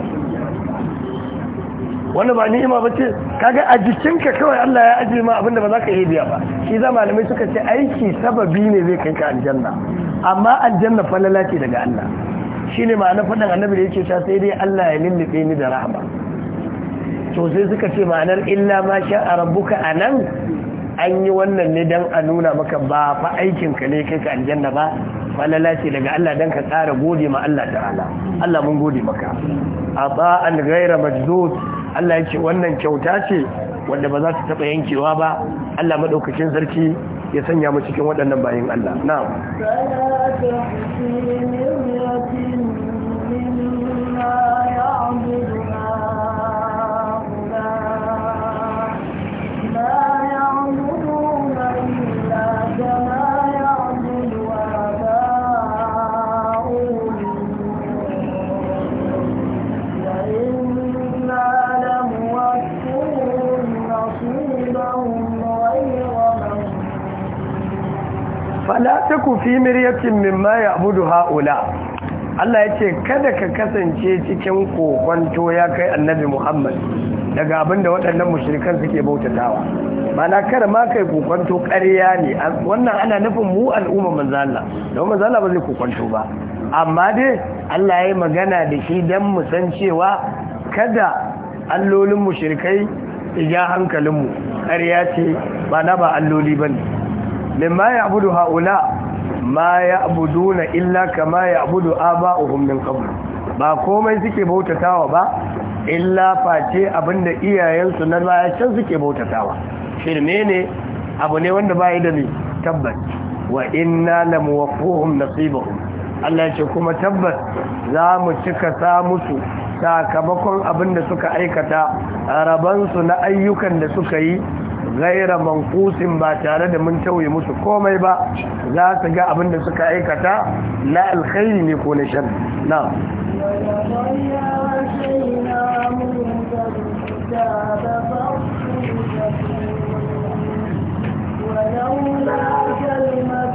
wanda ba ni'ima ba ce kaga a jikinka kawai Allah ya ajiye ma abinda ba za ka iya biya ba shi za malamai suka ce aiki sababi ne zai kai ka aljanna amma aljanna falala ce daga Allah shine ma'ana faɗin annabi da yake sha sai dai Allah ya lullube ni da rahama to sai suka ce ma'anar illa ma sha a rabbuka anan an yi wannan ne dan a nuna maka ba fa aikin ka ne kai ka aljanna ba falala ce daga Allah dan ka tsara gode ma Allah ta'ala Allah mun gode maka ata'an gaira majdud Allah ya ce wannan kyauta ce wanda ba za ta taɓa yankewa ba Allah maɗaukacin sarki ya sanya mu cikin waɗannan bayin Allah na كما fala taku fi miryatin mimma budu haula Allah ya ce kada ka kasance cikin kokonto ya kai annabi Muhammad daga abinda waɗannan mashirikan suke bautatawa mana kada ma kai kokonto ƙarya ne wannan ana nufin mu al'umma manzala don manzala ba zai kokonto ba amma dai Allah ya yi magana da shi don mu san cewa kada allolin mashirikai ija hankalinmu ƙarya ce ba na ba alloli bane mimma ya'budu haula ma ya'buduna illa kama ya'budu aba'uhum min qabl ba komai suke bautatawa ba illa face abinda iyayensu na baya can suke bautatawa shirme ne abu ne wanda bai da ni tabbas wa inna lamuwaffuhum nasibahum Allah ce kuma tabbas za mu cika sa musu sakamakon abin da suka aikata rabansu na ayyukan da suka yi gaira mankusin ba tare da mun tauye musu komai ba za su ga abin da suka aikata na alkhairi ne ko na shan na
ولولا كلمة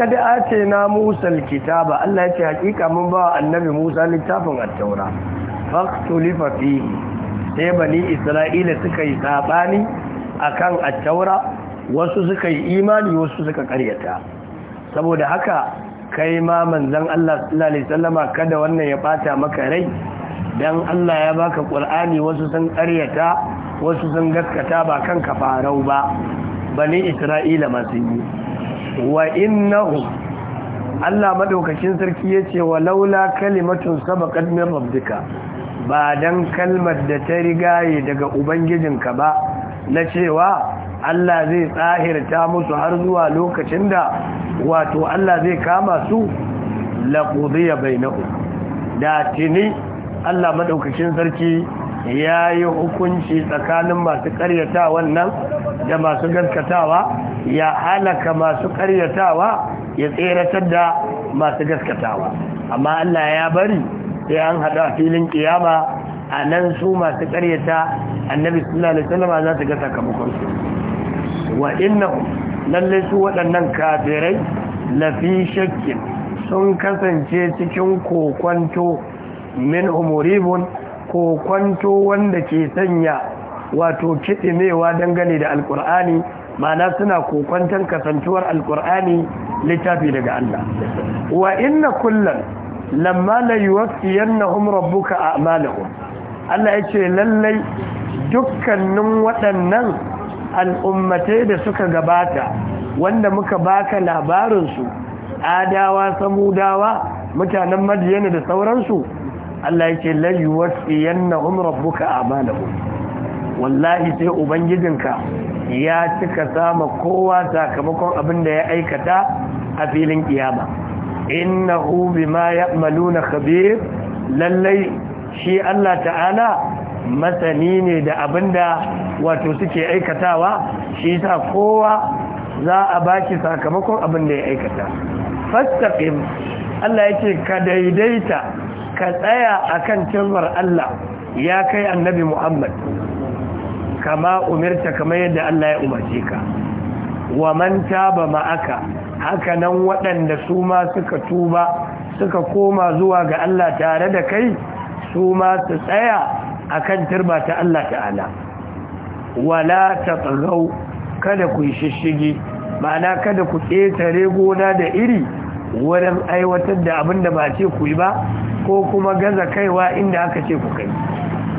laƙadi a ce na musa likita ba Allah ya ce hakika mun ba wa annabi musa littafin attaura faktulifa fihi sai bani isra'ila suka yi saɓani a kan taura wasu suka yi imani wasu suka karyata saboda haka kai ma manzan Allah sallama kada wannan ya ɓata maka rai don Allah ya baka ƙul'ani wasu sun karyata wasu sun gaskata ba kan kafarau ba bani isra'ila masu yi wa innahu Allah madaukakin sarki yace wa laula kalimatun sabaqat min rabbika ba dan kalmar da ta rigaye daga ubangijinka ba na cewa Allah zai tsahirta musu har zuwa lokacin da wato Allah zai kama su laqudiya bainahu da tini Allah madaukakin sarki yayi hukunci tsakanin masu karyata wannan da masu gaskatawa ya halaka masu karyatawa ya tseratar da masu gaskatawa amma Allah ya bari sai an hada filin kiyama a nan su masu karyata annabi sallallahu alaihi wasallam za su ga sakamakon su wa innahum lalle su waɗannan kafirai lafi shakkin sun kasance cikin kokwanto min umuribun kokwanto wanda ke sanya wato kiɗimewa dangane da alkur'ani ma'ana suna kokwantar kasantuwar alkur'ani littafi daga Allah wa inna kullum lamma la yuwaffiyannahum a a'malahum Allah ce lallai dukkanin waɗannan al'ummatai da suka gabata wanda muka baka labarinsu adawa samudawa mutanen madiyana da sauransu Allah yace la yuwaffiyannahum a a'malahum wallahi sai ubangijinka ya cika sama kowa sakamakon abin da ya aikata a filin kiyama ma bima ya'maluna khabir lallai shi Allah ta'ala masani ne da da wato suke aikatawa shi ta kowa za a baki sakamakon da ya aikata fastaqim Allah yake ka daidaita ka tsaya akan cimar Allah ya kai annabi Muhammad kama umirta kamar yadda Allah ya umarce ka wa man taba ma'aka haka nan waɗanda su ma suka tuba suka koma zuwa ga Allah tare da kai su ma su tsaya akan turba ta Allah ta'ala wala tsagau kada ku shishigi ma'ana kada ku tsetare gona da iri wurin aiwatar da abin da ba ce ku yi ba ko kuma gaza kaiwa inda aka ce ku kai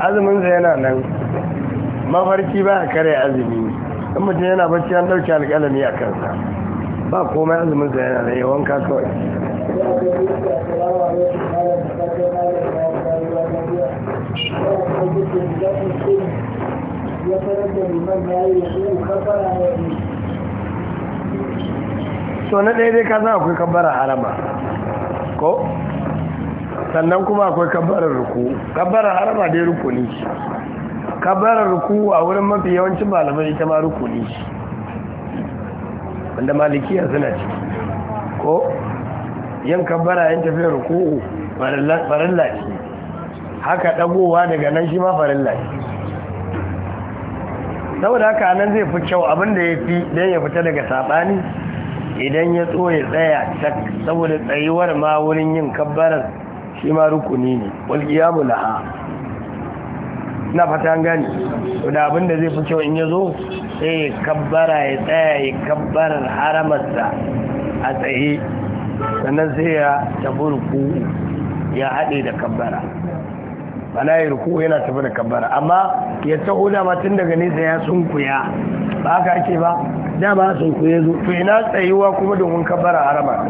azumin sa yana nan mafarki ba a kare azumi in mutum yana bacci an dauke alƙalami a kansa ba komai azumin sa yana nan yawon ka so na ɗaya dai ka za akwai kabbara harama ko sannan kuma akwai kabbarar ruku kabbarar harama dai rukuni shi kabbarar ruku a wurin mafi yawancin malamai ita ma rukuni shi wanda malikiya suna ci ko yin kabbara yin tafiyar ruku farilla ce haka dagowa daga nan shi ma farilla ce saboda haka nan zai fi kyau abinda ya fi don ya fita daga saɓani idan ya tso ya tsaya saboda tsayuwar ma wurin yin kabbarar shi ma rukuni ne walƙiyamu laha na fatan gani da abinda zai fi kyau in ya zo sai ya kabbara ya tsaya ya kabbarar haramarsa a tsaye sannan sai ya tafi ruku ya haɗe da kabbara bana ya ruku yana tafi da kabbara amma ya taho dama tun daga nesa ya sunkuya ba ka ake ba dama sunkuya zo to ina tsayuwa kuma domin kabbara haramar?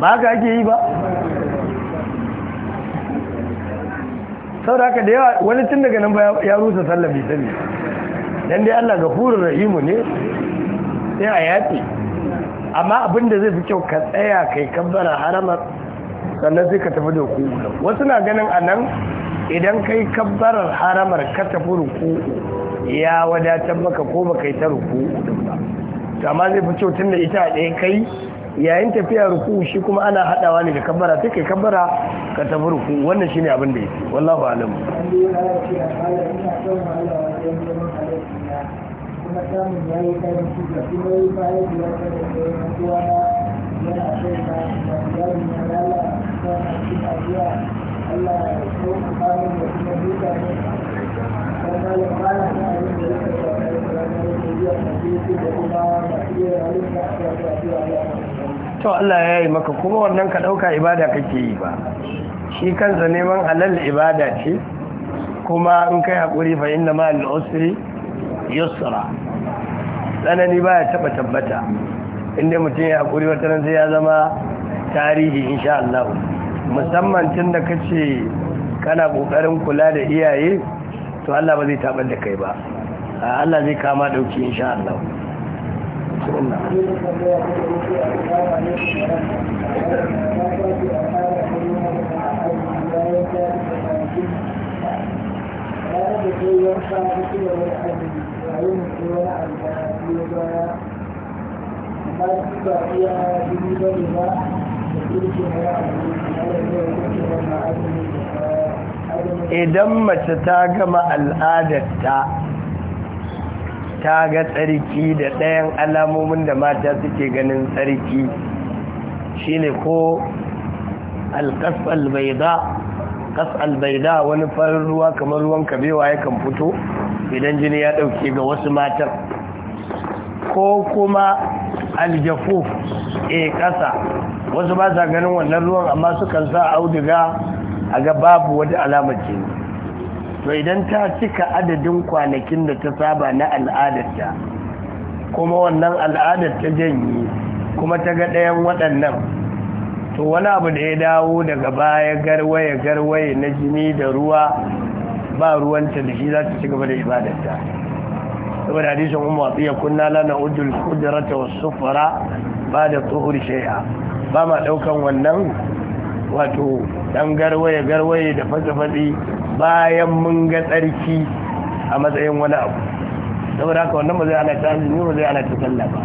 ba haka ake yi ba Sauda haka da yawa wani tun daga nan ba ya rusa sallah bai sani dan dai Allah gafurur rahimu ne sai a yaƙi amma abin zai fi kyau ka tsaya kai kabbara haramar sannan sai ka tafi da wasu na ganin a nan idan kai kabbarar haramar ka tafi ruku'u ya wadatar maka ko baka yi ta ruku'u din ba amma zai fi kyau tun da ita a ɗaya kai yayin tafiya ruku shi kuma ana hadawa ne da kabbara sai kai kabbara ka tafi ruku wannan shine abin da yake wallahu alam Allah to Allah ya yi maka kuma wannan ka ɗauka ibada kake yi ba shi kansa neman halal ibada ce kuma in kai haƙuri fa inna ma al'usri yusra tsanani ba ya taɓa tabbata inda mutum ya haƙuri wata nan sai ya zama tarihi insha Allah musamman tun da kace kana ƙoƙarin kula da iyaye to Allah ba zai taɓar da kai ba Allah zai kama ɗauki insha Allah idan mace ta gama al'adarta ta ga tsarki da ɗayan alamomin da mata suke ganin tsarki shine ko alƙas albaida wani farin ruwa kamar ruwan kabewa yakan fito idan jini ya ɗauke ga wasu matan ko kuma aljafu e ƙasa wasu ba sa ganin wannan ruwan amma su kan sa auduga a ga babu wata alamar jini to idan ta cika adadin kwanakin da ta saba na al'adarta kuma wannan al'adar ta janye kuma ta ga ɗayan waɗannan to wani abu da ya dawo daga baya garwaye garwaye na jini da ruwa ba ruwanta da shi za ta ci gaba da ibadarta saboda hadishin umar iya kunna lana ujul kudurata wasu sufara ba da tsohur shay'a ba ma ɗaukan wannan wato dan garwaye garwaye da fasafasi bayan mun ga tsarki a matsayin wani abu saboda haka wannan ba zai ana ta azumi ba zai ana ta sallah ba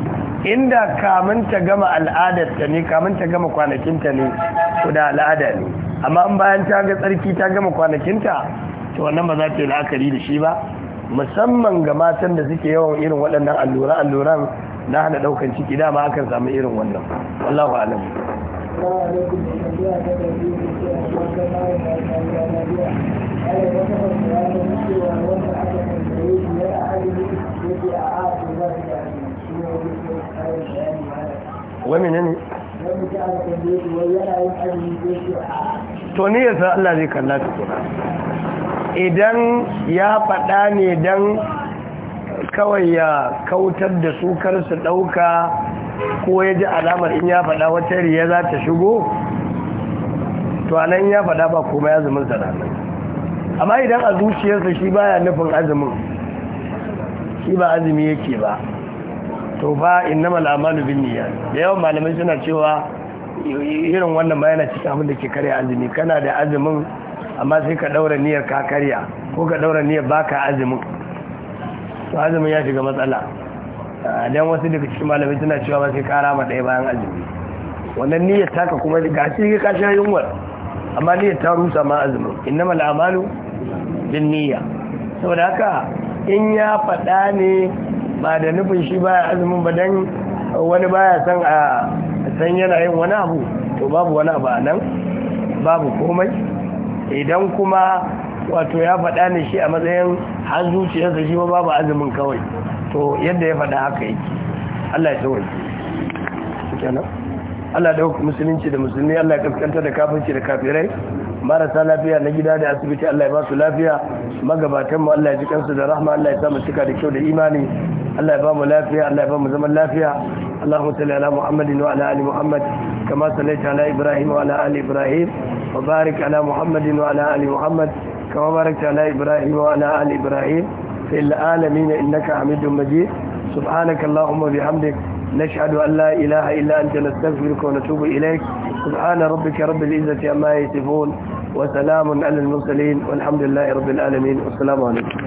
inda kamun ta gama al'adar ta ne kamun ta gama kwanakin ta ne ko da al'ada ne amma in bayan ta ga tsarki ta gama kwanakin ta to wannan ba za ta yi la'akari da shi ba musamman ga matan da suke yawan irin waɗannan allura alluran na hana ɗaukan ciki dama akan samu irin wannan wallahu alam wani ne ne to ni Allah zai kalla tukuna idan ya faɗa ne don kawai ya kautar da su kar su ɗauka ko ya ji alamar in ya faɗa wata riya za ta shigo to anan ya faɗa ba kuma ya zumin sa amma idan a zuciyarsa shi baya nufin azumin shi ba azumi yake ba to fa innamal a'malu niyya da yawan malamai suna cewa irin wannan ma yana cikin abin da ke karya azumi kana da azumin amma sai ka daura niyyar ka karya ko ka daura niyyar baka azumin to azumin ya shiga matsala dan wasu daga cikin malamai suna cewa ba sai kara ma ɗaya bayan azumi wannan niyyar ka kuma ga shi ka sha yunwar amma niyyar ta rusa ma azumin innamal a'malu bin niyya saboda haka in ya faɗa ne ba da nufin shi baya azumin ba dan wani baya san a san yana yin wani abu to babu wani abu a nan babu komai idan kuma wato ya faɗa ne shi a matsayin har zuciyarsa shi ba babu azumin kawai to yadda ya faɗa haka yake Allah ya tsawai kenan Allah da musulunci da musulmi Allah ya kaskanta da da kafirai marasa lafiya na gida da asibiti Allah ya ba su lafiya magabatan mu Allah ya ji kansu da rahma Allah ya sa cika da kyau da imani Allah ya ba mu lafiya Allah ya ba mu zaman lafiya في العالمين إنك حميد مجيد سبحانك اللهم بحمدك نشهد أن لا إله إلا أنت نستغفرك ونتوب إليك سبحان ربك رب العزة عما يصفون وسلام على المرسلين والحمد لله رب العالمين والسلام عليكم